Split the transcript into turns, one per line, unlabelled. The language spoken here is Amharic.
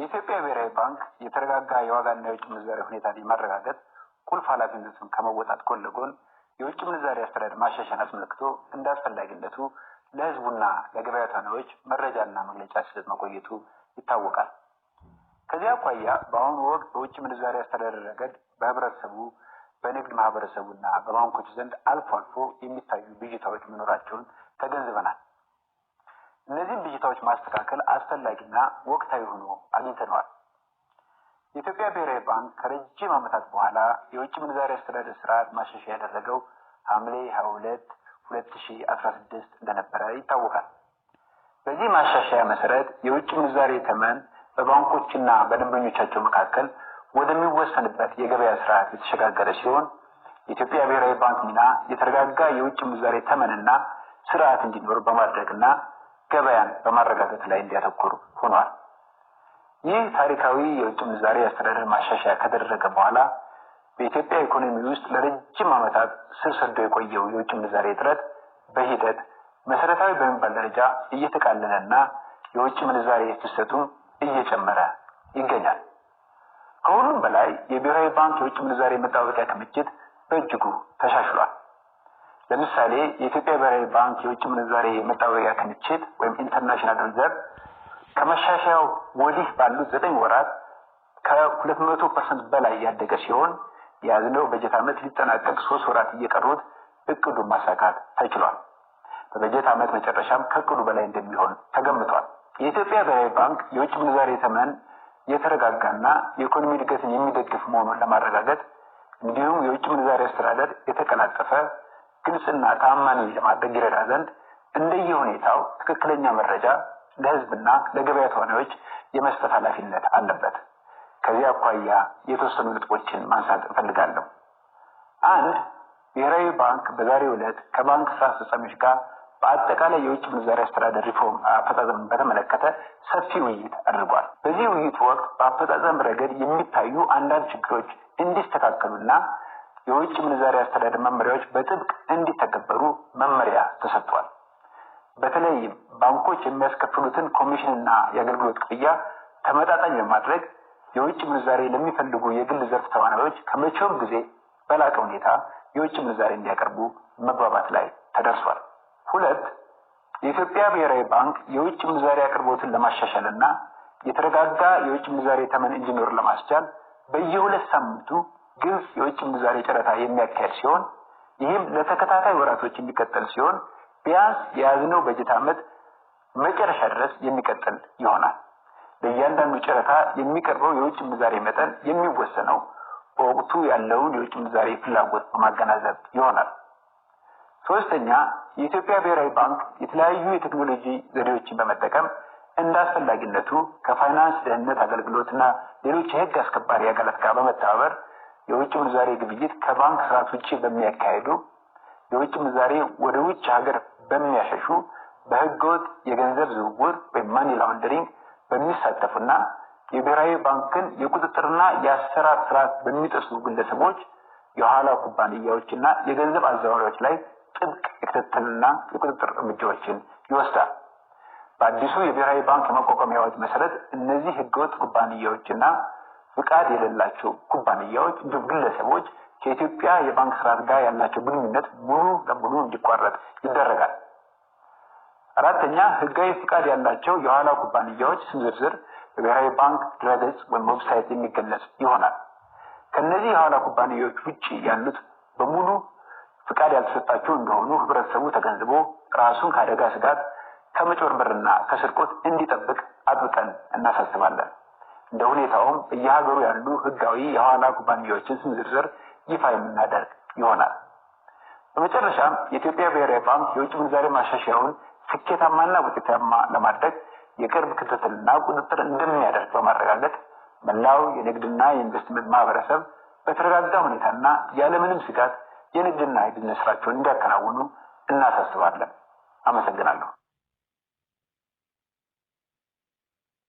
የኢትዮጵያ ብሔራዊ ባንክ የተረጋጋ የዋጋና የውጭ ምንዛሪ ሁኔታን የማረጋገጥ ቁልፍ ኃላፊነቱን ከመወጣት ጎን ለጎን የውጭ ምንዛሪ አስተዳደር ማሻሻን አስመልክቶ እንደ አስፈላጊነቱ ለሕዝቡና ለገበያ ተዋናዮች መረጃና መግለጫ ሲሰጥ መቆየቱ ይታወቃል። ከዚህ አኳያ በአሁኑ ወቅት በውጭ ምንዛሪ አስተዳደር ረገድ በህብረተሰቡ በንግድ ማህበረሰቡና በባንኮች ዘንድ አልፎ አልፎ የሚታዩ ብዥታዎች መኖራቸውን ተገንዝበናል። እነዚህን ብዥታዎች ማስተካከል አስፈላጊና ወቅታዊ ሆኖ አግኝተነዋል። የኢትዮጵያ ብሔራዊ ባንክ ከረጅም ዓመታት በኋላ የውጭ ምንዛሪ አስተዳደር ስርዓት ማሻሻያ ያደረገው ሐምሌ ሀያ ሁለት ሁለት ሺ አስራ ስድስት እንደነበረ ይታወቃል። በዚህ ማሻሻያ መሰረት የውጭ ምንዛሬ ተመን በባንኮችና በደንበኞቻቸው መካከል ወደሚወሰንበት የገበያ ስርዓት የተሸጋገረ ሲሆን የኢትዮጵያ ብሔራዊ ባንክ ሚና የተረጋጋ የውጭ ምንዛሬ ተመንና ስርዓት እንዲኖር በማድረግና ገበያን በማረጋገጥ ላይ እንዲያተኩር ሆኗል። ይህ ታሪካዊ የውጭ ምንዛሬ አስተዳደር ማሻሻያ ከተደረገ በኋላ በኢትዮጵያ ኢኮኖሚ ውስጥ ለረጅም ዓመታት ስር ሰዶ የቆየው የውጭ ምንዛሬ እጥረት በሂደት መሰረታዊ በሚባል ደረጃ እየተቃለለ እና የውጭ ምንዛሬ ፍሰቱም እየጨመረ ይገኛል። ከሁሉም በላይ የብሔራዊ ባንክ የውጭ ምንዛሬ መጠባበቂያ ክምችት በእጅጉ ተሻሽሏል። ለምሳሌ የኢትዮጵያ ብሔራዊ ባንክ የውጭ ምንዛሬ መጣበቂያ ክምችት ወይም ኢንተርናሽናል ሪዘርቭ ከመሻሻያው ወዲህ ባሉት ዘጠኝ ወራት ከሁለት መቶ ፐርሰንት በላይ ያደገ ሲሆን የያዝነው በጀት ዓመት ሊጠናቀቅ ሶስት ወራት እየቀሩት እቅዱን ማሳካት ተችሏል። በበጀት ዓመት መጨረሻም ከእቅዱ በላይ እንደሚሆን ተገምቷል። የኢትዮጵያ ብሔራዊ ባንክ የውጭ ምንዛሬ ተመን የተረጋጋና የኢኮኖሚ እድገትን የሚደግፍ መሆኑን ለማረጋገጥ እንዲሁም የውጭ ምንዛሬ አስተዳደር የተቀላጠፈ ግልጽና ተአማኒ ለማድረግ ይረዳ ዘንድ እንደየ ሁኔታው ትክክለኛ መረጃ ለህዝብና ለገበያ ተዋናዮች የመስጠት ኃላፊነት አለበት። ከዚህ አኳያ የተወሰኑ ነጥቦችን ማንሳት እፈልጋለሁ። አንድ ብሔራዊ ባንክ በዛሬው ዕለት ከባንክ ስራ አስፈጻሚዎች ጋር በአጠቃላይ የውጭ ምንዛሪ አስተዳደር ሪፎርም አፈጻጸም በተመለከተ ሰፊ ውይይት አድርጓል። በዚህ ውይይት ወቅት በአፈጻጸም ረገድ የሚታዩ አንዳንድ ችግሮች እንዲስተካከሉና የውጭ ምንዛሪ አስተዳደር መመሪያዎች በጥብቅ እንዲተገበሩ መመሪያ ተሰጥቷል። በተለይም ባንኮች የሚያስከፍሉትን ኮሚሽንና የአገልግሎት ክፍያ ተመጣጣኝ በማድረግ የውጭ ምንዛሬ ለሚፈልጉ የግል ዘርፍ ተዋናዮች ከመቼውም ጊዜ በላቀ ሁኔታ የውጭ ምንዛሬ እንዲያቀርቡ መግባባት ላይ ተደርሷል። ሁለት የኢትዮጵያ ብሔራዊ ባንክ የውጭ ምንዛሬ አቅርቦትን ለማሻሻል እና የተረጋጋ የውጭ ምንዛሬ ተመን እንዲኖር ለማስቻል በየሁለት ሳምንቱ ግብጽ የውጭ ምንዛሬ ጨረታ የሚያካሄድ ሲሆን ይህም ለተከታታይ ወራቶች የሚቀጠል ሲሆን ቢያንስ የያዝነው በጀት ዓመት መጨረሻ ድረስ የሚቀጥል ይሆናል። ለእያንዳንዱ ጨረታ የሚቀርበው የውጭ ምንዛሬ መጠን የሚወሰነው በወቅቱ ያለውን የውጭ ምንዛሬ ፍላጎት በማገናዘብ ይሆናል። ሶስተኛ፣ የኢትዮጵያ ብሔራዊ ባንክ የተለያዩ የቴክኖሎጂ ዘዴዎችን በመጠቀም እንደ አስፈላጊነቱ ከፋይናንስ ደህንነት አገልግሎትና ሌሎች የሕግ አስከባሪ አካላት ጋር በመተባበር የውጭ ምንዛሬ ግብይት ከባንክ ስርዓት ውጭ በሚያካሄዱ የውጭ ምንዛሬ ወደ ውጭ ሀገር በሚያሸሹ በህገወጥ የገንዘብ ዝውውር ወይም ማኒ ላውንደሪንግ በሚሳተፉና የብሔራዊ ባንክን የቁጥጥርና የአሰራር ስርዓት በሚጥሱ ግለሰቦች፣ የኋላ ኩባንያዎችና የገንዘብ አዘዋዋሪዎች ላይ ጥብቅ የክትትልና የቁጥጥር እርምጃዎችን ይወስዳል። በአዲሱ የብሔራዊ ባንክ የማቋቋሚያ አዋጅ መሰረት እነዚህ ህገወጥ ኩባንያዎችና ፍቃድ የሌላቸው ኩባንያዎች እንዲሁም ግለሰቦች ከኢትዮጵያ የባንክ ስርዓት ጋር ያላቸው ግንኙነት ሙሉ ለሙሉ እንዲቋረጥ ይደረጋል። አራተኛ ህጋዊ ፍቃድ ያላቸው የኋላ ኩባንያዎች ስም ዝርዝር በብሔራዊ ባንክ ድረገጽ ወይም ዌብሳይት የሚገለጽ ይሆናል። ከእነዚህ የኋላ ኩባንያዎች ውጭ ያሉት በሙሉ ፍቃድ ያልተሰጣቸው እንደሆኑ ህብረተሰቡ ተገንዝቦ ራሱን ከአደጋ ስጋት ከመጭበርበርና ከስርቆት እንዲጠብቅ አጥብቀን እናሳስባለን። እንደ ሁኔታውም በየሀገሩ ያሉ ህጋዊ የሐዋላ ኩባንያዎችን ስም ዝርዝር ይፋ የምናደርግ ይሆናል። በመጨረሻም የኢትዮጵያ ብሔራዊ ባንክ የውጭ ምንዛሬ ማሻሻያውን ስኬታማና ውጤታማ ለማድረግ የቅርብ ክትትልና ቁጥጥር እንደሚያደርግ በማረጋገጥ መላው የንግድና የኢንቨስትመንት ማህበረሰብ በተረጋጋ ሁኔታና ያለምንም ስጋት የንግድና የቢዝነስ ስራቸውን እንዲያከናውኑ እናሳስባለን። አመሰግናለሁ።